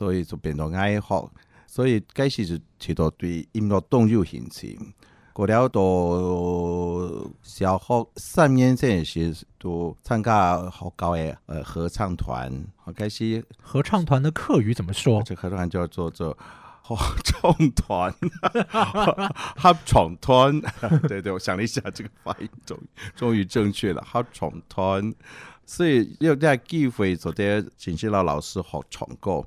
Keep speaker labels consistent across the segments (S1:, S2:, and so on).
S1: 所以就變到愛學，所以嗰時就提到對音樂動有興趣。過了多學學三年，真係時都參加學校嘅，誒合唱團。好開始合唱團的客語怎麼說？這合唱團叫做合唱團。合唱團。 對，對，對，對我想了一下，這個發音終終於正確了。合唱團。所以有啲機會，昨天請識到老師學唱歌。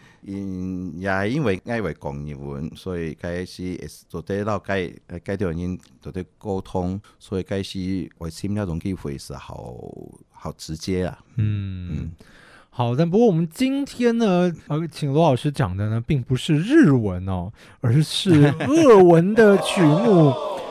S1: 因也係因為愛會講日文，所以開始做啲撈啲，已經做啲溝通，所以開始會聽那種機會是好好直接啊。嗯，
S2: 好，但不過我們今天呢，呃，請羅老師講的呢，並不是日文哦，而是俄文的曲目。